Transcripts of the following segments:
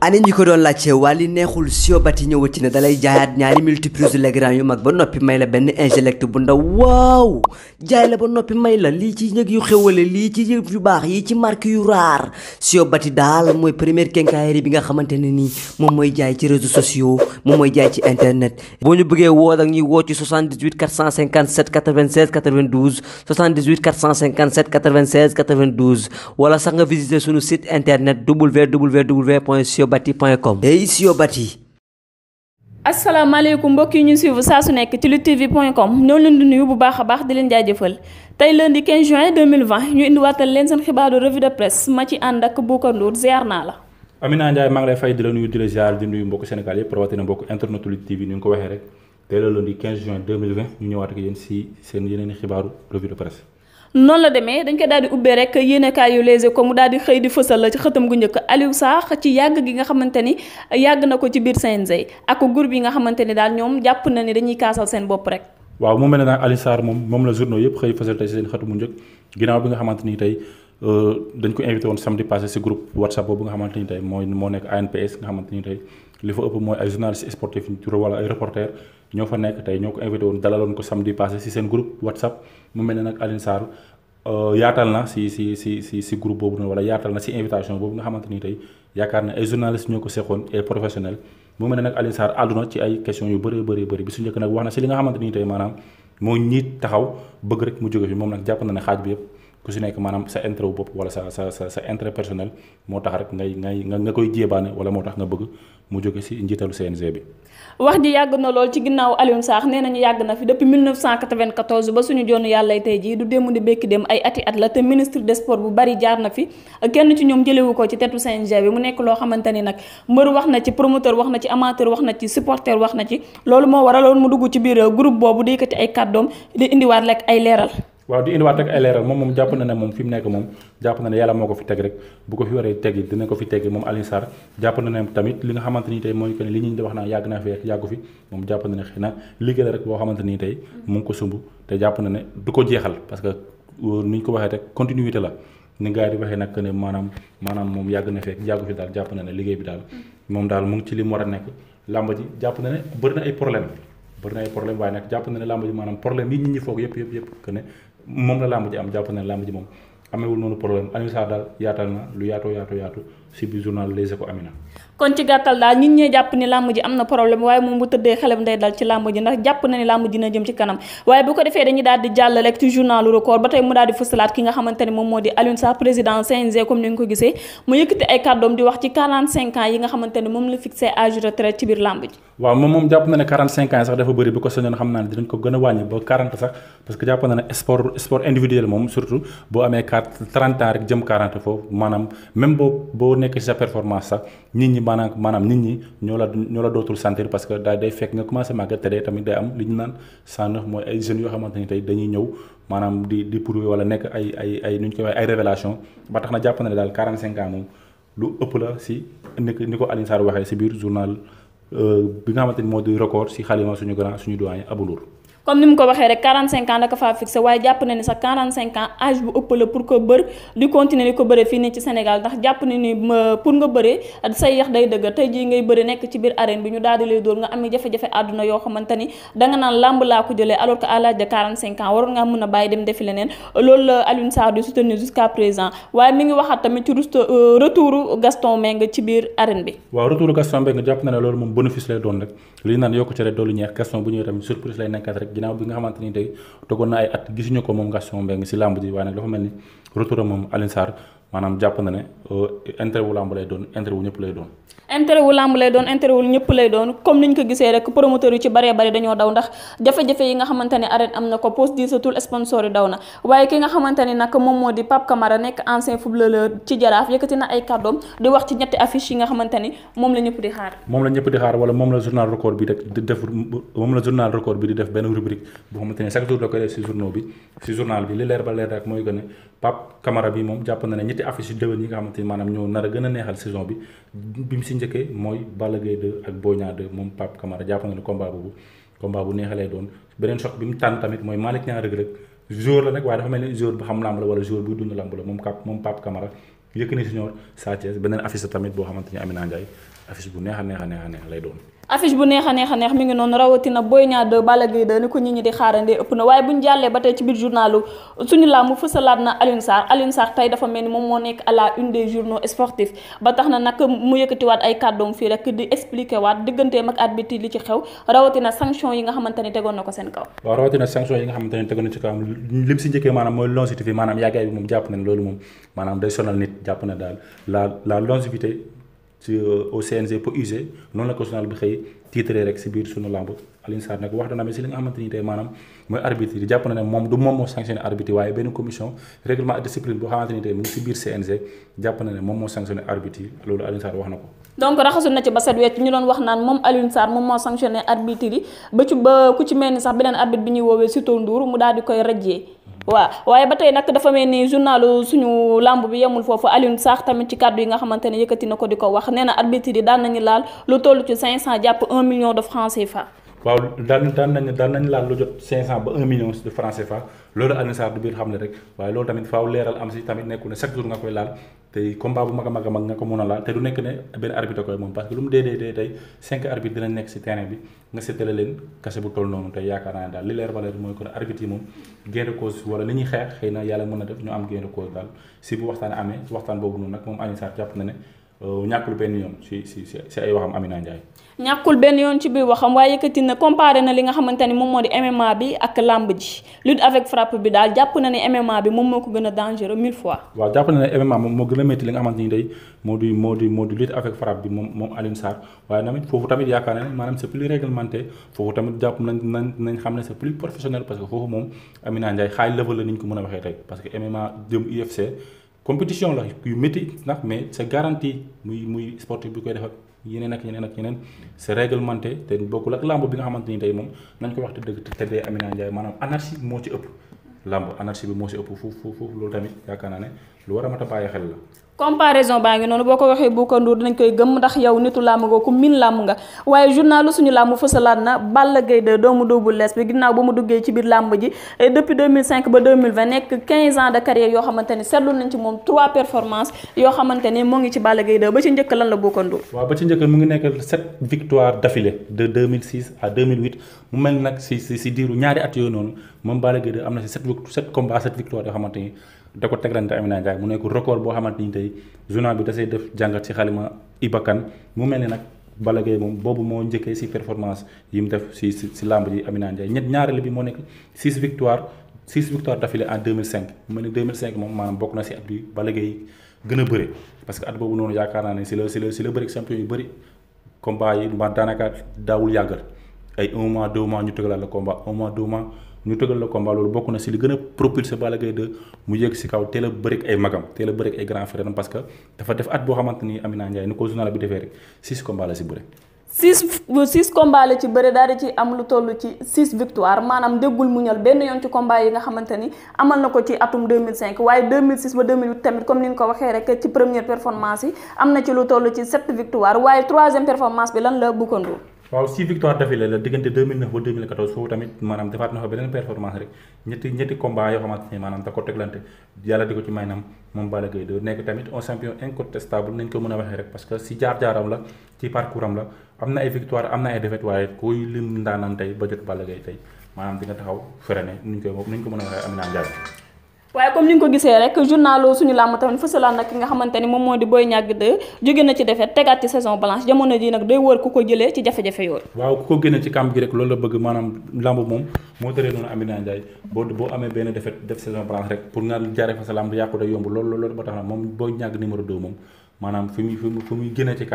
ani ñi ko doon laajte waa li neexul siobati ñëwati na dalay jaayaat ñaari multiprise Legrand mag ba noppi may la benn ingelect bu ndaw waaw jaay la ba noppi may la lii ci njëg yu xewale lii ci yëf yu baax yii ci marque yu raar siobati daal mooy première quincaillerie bi nga xamante ne nii moom mooy jaay ci réseaux sociaux moom mooy jaay ci internet boo ñu bëggee woo ak ñuy woo ci 78 457 96 92 78 457 96 92 wala sax nga visiter sunu site yobati point com e is yobati asalaamaaleykum mbokk yi ñu suivre saa su nekk ci Lutte TV point com ñoo leen di nuyu bu baax a baax di leen jaajëfal tey lundi 15 juin 2020 ñu indiwaatal leen seen xibaaru revue de presse ma ci ànd ak Boucar Ndour ziar naa la Amina Ndiaye maa ngi fay di la nuyu di la ziar di nuyu mbokk Sénégal yëpp rawatina mbokk internet Lutte TV ni ñu ko waxee rek tey la lundi juin ñu ñëwaat ak yéen si seen yeneen xibaaru revue de presse noonu la demee dañ koy daal di ubbee rek yéenekaay yu Les Échos mu daal di xëy di fësal la ci xëtam gu njëkk Aliou Sarr ci yàgg gi nga xamante ni yàgg na ko ci biir CNG ak groupe bi nga xamante ni daal ñoom jàpp na ni dañuy kaasal seen bopp rek waaw mu mel ne nag Aliou Sarr moom moom la journaux yëpp xëy fësal tey seen xëtu mu njëkk ginnaaw bi nga xamante ni tey Euh, dañ ko invité woon samedi passé si groupe whatsapp boobu nga xamante ni tey mooy moo nekk ANPS nga xamante ni tey li fa ëpp mooy ay journalistes sportifs wala ay reporters ñoo fa nekk tey ñoo ko invité woon dalaloon ko samedi passé si seen groupe whatsapp mu mel ne nag Alioune Sarr euh, yaatal na si si si si si groupe boobu wala yaatal na si invitation boobu nga xamante ni tey yaakaar na ay journalistes ñoo ko seqoon et professionnels mu mel ne nag Alioune Sarr àdduna ci ay questions yu bëree bëri bëri bi su njëkk nag wax na si li nga xamante ni tey maanaam moo ñiit taxaw bëgg rek mu jóge fi moom nag jàpp na ne xaaj bi yëpp ku si nekk maanaam sa intre wu bopp wala sa sa sa sa intérêt personnel moo tax rek ngay ngay nga koy jéebaane wala moo tax nga bëgg mu jóge si njiitalu CNG bi. wax ji yàgg na lool ci ginnaaw Alioune Sarr nee nañu yàgg na fi depuis 1994 ba suñu joonu yàlla tey jii du démb di békki dem ay ati at la te ministre des sports bu bari jaar na fi kenn ci ñoom jëlewu ko ci tetu CNG bi mu nekk loo xamante ni nag mbër wax na ci promoteur wax na ci amateur wax na ci wax na ci loolu moo waraloon mu dugg ci biir groupe boobu di yëkkati ay kàddoom di indiwaat rek ay leeral. waaw di indiwaat rek ay leeral moom moom jàpp na ne moom fi mu nekk moom jàpp na ne yàlla moo ko fi teg rek bu ko fi waree tegi dina ko fi tegi moom Alioune jàpp na ne tamit li nga xamante ni tey ne li ñu di wax naan yàgg naa xëy na liggéey la boo xamante ni tey mu ngi ko sumb te jàpp na ne du ko jeexal parce que euh, nu ñu ko waxee rek continuité la ni gars yi di waxee nag ne maanaam maanaam moom yàgg na fekk yàggu fi daal jàpp na ne liggéey bi daal moom daal mu ngi ci li mu war jàpp na ne bëri na ay problème bëri na ay problème waaye nag jàpp na ne làmb ji maanaam problème yi nit ñi foog moom la làmb ji am jàpp na làmb ji moom amewul noonu problème Alioune Sarr daal yaatal na lu yaatoo yaatoo yaatu si biir journal Les Échos Amina. kon ci gàttal daal ñun ñee jàpp ni làmb ji am na problème waaye moom bu tëddee xelam day dal ci làmb ji ndax jàpp na ni làmb ji na jëm comme ni nga ko gisee mu yëkkati ay kàddoom di wax ci 45 ans yi nga xamante moom la fixé âge de retraite ci biir làmb ji waaw moom moom jàpp na ne 45 ans yi sax dafa bëri bu ko soñoon xam naa ne dinañ ko gën a wàññi ba 40 sax parce que jàpp na ne sport nekk ci sa performance sax nit ñi maanaam maanaam nit ñi ñoo la ñoo la dootul parce que daal day fekk nga commencé màgget te day tamit day am li ñu naan cent neuf mooy ay jeunes yoo xamante ni tey dañuy ñëw maanaam di di prouver wala nekk ay ay ay nu ñu koy waxee ay révélation ba tax na jàpp na ne daal 45 ans moom lu ëpp la si ni ko ni waxee si biir journal euh, bi nga xamante ni moo di record si xalima suñu grand suñu doyen Abou Ndour comme ni mu ko waxee rek 45 ans la ko faa fixé waaye jàpp na ni sax 45 ans âge bu ëpp la pour ko bër di continuer di ko bëre fii nii ci Sénégal ndax jàpp na ni pour nga bëree say yax day dëgg tey jii ngay bëri nekk ci biir arène bi ñu daal di lay dóor nga amee jafe-jafe àdduna yoo xamante ni danga naan làmb laa ko jëlee alors que à l'âge de 45 ans waroon ngaa mën a bàyyi dem defi leneen loolu la Alioune Sarr di soutenir jusqu'à présent waaye mi naaw bi nga xamante ni tey toogoon na at gisuñu ko moom nga Mbengue si làmb ji waaye nag dafa mel ni retour moom Alioune Sarr maanaam jàpp na ne euh, intérêt wu làmb lay doon intérêt wu ñëpp lay doon. intérêt wu làmb lay doon comme ni ñu ko gisee rek promoteur yu ci baree bari dañoo daw ndax jafe-jafe yi nga xamante ne am na ko poste di sa tul sponsor yi daw na waaye ki nga xamante ne moom moo di Pape Camara nekk ancien footballeur ci jaraaf yëkkati na ay kàddoom di wax ci ñetti affiche yi nga xamante moom la ñëpp di xaar. moom la ñëpp di xaar wala moom la journal ñetti affiche yu déwén yi nga xamante maanaam ñoo nar a gën a neexal saison bi bi mu si njëkkee mooy Balla Gaye 2 ak Boy Niang 2 moom Pape Camara jàpp na ne combat boobu combat bu doon beneen choc bi mu tànn tamit mooy Malick Niang Reug Reug joueur la nag waaye dafa mel ni joueur bu xam lamb la wala joueur buy dund lamb la moom Pape moom Pape Camara Yékini Junior Sa Thiès beneen affiche tamit boo xamante ni Amina Ndiaye bu neex a neex a affiche bu neex a neex a neex mi ngi noonu rawatina Boy Niang 2 Balla Gaye 2 ni ko nit ñi di xaarandee ëpp na waaye bu ñu jàllee ba tey ci biir journalu suñu làmb fësalaat na Alioune Sarr Alioune Sarr tey dafa mel ni moom moo nekk à une des journaux sportifs ba tax na nag mu yëkkatiwaat ay kàddoom fii rek di expliqué waat digganteem ak arbitre li ci xew rawatina sanction yi nga xamante tegoon na ko seen kaw waaw rawatina sanction yi nga xamante ni tegoon na ci kaw lim si njëkkee maanaam mooy longévité maanaam yàggaay bi na ne loolu moom maanaam day sonal nit jàpp na daal la la ci euh, au pour UG noonu la ko journal bi xëy tiitre rek si biir sunu lamb Alioune Sarr wax dana amee si li nga xamante ni tey maanaam mooy arbitre yi jàpp na ne moom du moom moo sanctionné arbitre yi loolu Alioune wax na ko. donc raxasu na ci ba set wecc ñu doon wax naan moom Alioune moom moo sanctionné arbitre yi ba ci ba ku ci mel ni sax beneen arbitre bi ñuy woowee Sitor Ndour mu daal koy rajjee. waaw waaye ba tey nag dafa mel ni journalu suñu làmb bi yemul foofu Alioune Sarr tamit ci kàddu yi nga xamante ne yëkkati na ko di ko wax nee na arbitre yi daan nañu laal lu toll ci 500 jàpp 1 million de francs fa waaw daan daan nañ daan nañ laal lu jot 500 ba 1 million de francs CFA loolu Alioune du biir xam ne rek waaye loolu tamit faaw leeral am si tamit nekkul ne chaque a mag a a laal te du nekk ne benn arbitre koy moom parce que lu mu dee si terrain leen kase bu toll noonu tey yaakaar naa ne daal li leer ba mooy ko ne yi moom gain de cause wala li xeex xëy na yàlla mën na def ñu am gain de daal si bu waxtaan amee waxtaan boobu noonu nag moom Alioune jàpp na ne Euh, ñàkkul benn yoon si si si ay waxam Amina Ndiaye. ñàkkul benn yoon ci biir waxam waaye yëkkati na comparé na li nga xamante ni moom moo di MMA bi ak làmb ji lutte avec frappe bi daal jàpp na ne MMA moom moo ko gën a dangereux mille fois. waaw jàpp na ne MMA moom moo gën a métti li nga xamante ni day moo di moo di moo avec frappe bi moom moom Alioune Sarr waaye tamit foofu tamit yaakaar na ne maanaam c'est plus réglementé foofu tamit jàpp nañ nañ nañ xam ne c'est plus professionnel parce que foofu moom Amina Ndiaye high waxee tey parce que compétition la yu métti nag mais c'est garanti muy muy sportif bi koy def yeneen ak yeneen ak yeneen c'est réglementé te bokkul ak làmb bi nga xamante ni tey moom nañ ko wax te dëgg te dee Amina Ndiaye maanaam anarchie moo ci ëpp làmb anarchie bi moo ci ëpp foofu foofu loolu tamit yaakaar naa ne lu war a mat a xel la. comparaison baa ngi noonu boo ko waxee Boucar Ndour dinañ koy gëm ndax yow nitu làmb nga ku min làmb nga waaye journalu suñu làmb fësalaat na Balla Gaye de doomu Double Less bi ginnaaw ba mu duggee ci biir làmb ji depuis 2005 ba 2020 nekk 15 ans de carrière yoo xamante ni seetlu nañ ci moom 3 performances yoo xamante mu ngi ci Balla Gaye ba ci njëkk lan la Boucar Ndour. ba ci njëkk mu ngi nekk 7 victoires d'affilée da ko teglante Amina Ndiaye mu nekk record boo xamante ni tey journal bi da say def jàng ci xalima Ibakan mu mel ni nag Balla Gaye moom boobu moo njëkkee si performance yi mu def si si làmb ji Amina Ndiaye ñett ñaareelu bi moo nekk 6 victoire 6 victoire d'affilée en 2005 mu mel ni moom maanaam bokk na si at bi Balla gën a bëre parce que at boobu noonu yaakaar naa ne si la si la si la bëri champion yu bëri combat yi ma daanaka daawul yàggal. ay un mois deux ñu tëgalaat la combat un mois deux ñu tëgal la combat loolu bokk na si li gën a propulsé Balla mu yëg si kaw teel a bërik ay magam teel a bërik ay grand frère parce que dafa def at boo xamante Amina Ndiaye ni ko journal bi defee rek six combat la si bëre six six la ci bëre daal ci am lu toll ci six victoire maanaam déggul mu benn yoon ci combat yi nga xamante amal na ko ci atum waaye waaye troisième performance bi waaw si victoire d'affilée la diggante 2009 ba 2014 foofu tamit maanaam defaat na fa beneen performance rek ñetti ñetti combat yoo xamante maanaam da ko teglante yàlla di ko ci may moom Balla Gaye do nekk tamit un champion incontestable nañ ko mën a waxee rek parce que si jaar-jaaram la ci parcours am la am na ay victoire am na ay défaite waaye kuy lim ndaanaan ba jot Balla Gaye tey maanaam di taxaw freiné nuñ koy nuñ waaye comme ni nga ko gisee rek journal suñu làmb tamit fësalaan nag ki nga xamante ni moom moo di Boy Niang 2 jóge na ci defet tegaat ci saison blanche jamono ji nag day wër ku ko jëlee ci jafe-jafe yooyu waaw ku ko génne ci camp gi rek loolu la bëgg maanaam làmb moom moo tëree noonu Amina Ndiaye boo boo amee benn defet def saison blanche rek pour nga jaare fa sa làmb yàqu day yomb loolu loolu ba tax na moom Boy Niang numéro 2 moom maanaam fi muy fi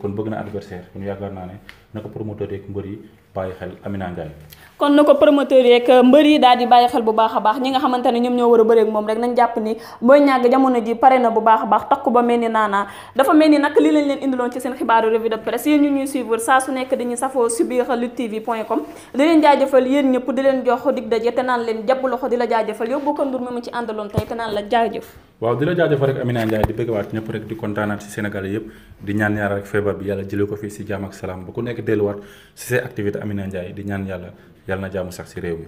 kon bëgg na adversaire kon yaakaar ne na ko promoteur yeeg mbër yi bàyyi xel Amina Ndiaye kon na ko promoteur mbër yi daal di bàyyi xel bu baax a baax ñi nga xamante ñoom ñoo war a bëreeg moom rek nañ jàpp ni a baax takku ba mel ni naanaa dafa mel ni leen jox dig daje te naan leen jàpp loxo di la jaajëfal yow bokkoon ndur mi mu ci àndaloon tey te naan la jaajëf waaw di la jaajëfal rek Amina Ndiaye di bëgg waat ñëpp rek di kontaanaat ci Sénégal yëpp di ñaan ñaar feebar bi yàlla jëlee ko fii ci jàmm ak salaam nekk delluwaat si seen activité Amina Ndiaye di ñaan yàlla yàlla na jàmm sax si réew mi.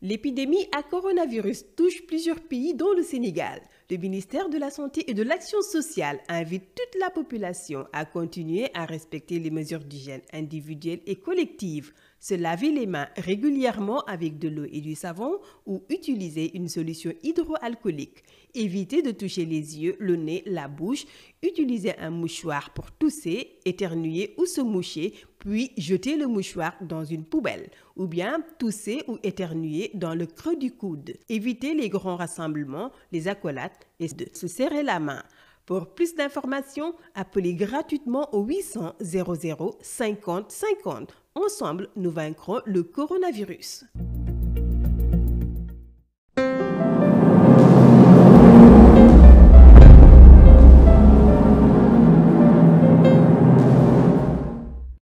L'épidémie à coronavirus touche plusieurs pays dont le Sénégal. Le ministère de la Santé et de l'Action sociale invite toute la population à continuer à respecter les mesures d'hygiène individuelles et collectives se laver les mains régulièrement avec de l'eau et du savon ou utiliser une solution hydroalcoolique, éviter de toucher les yeux, le nez, la bouche, utiliser un mouchoir pour tousser, éternuer ou se moucher, puis jeter le mouchoir dans une poubelle, ou bien tousser ou éternuer dans le creux du coude. Éviter les grands rassemblements, les accolades et de se serrer la main. Pour plus d'informations, appelez gratuitement au 800 00 50 50. Ensemble, nous vaincrons le coronavirus.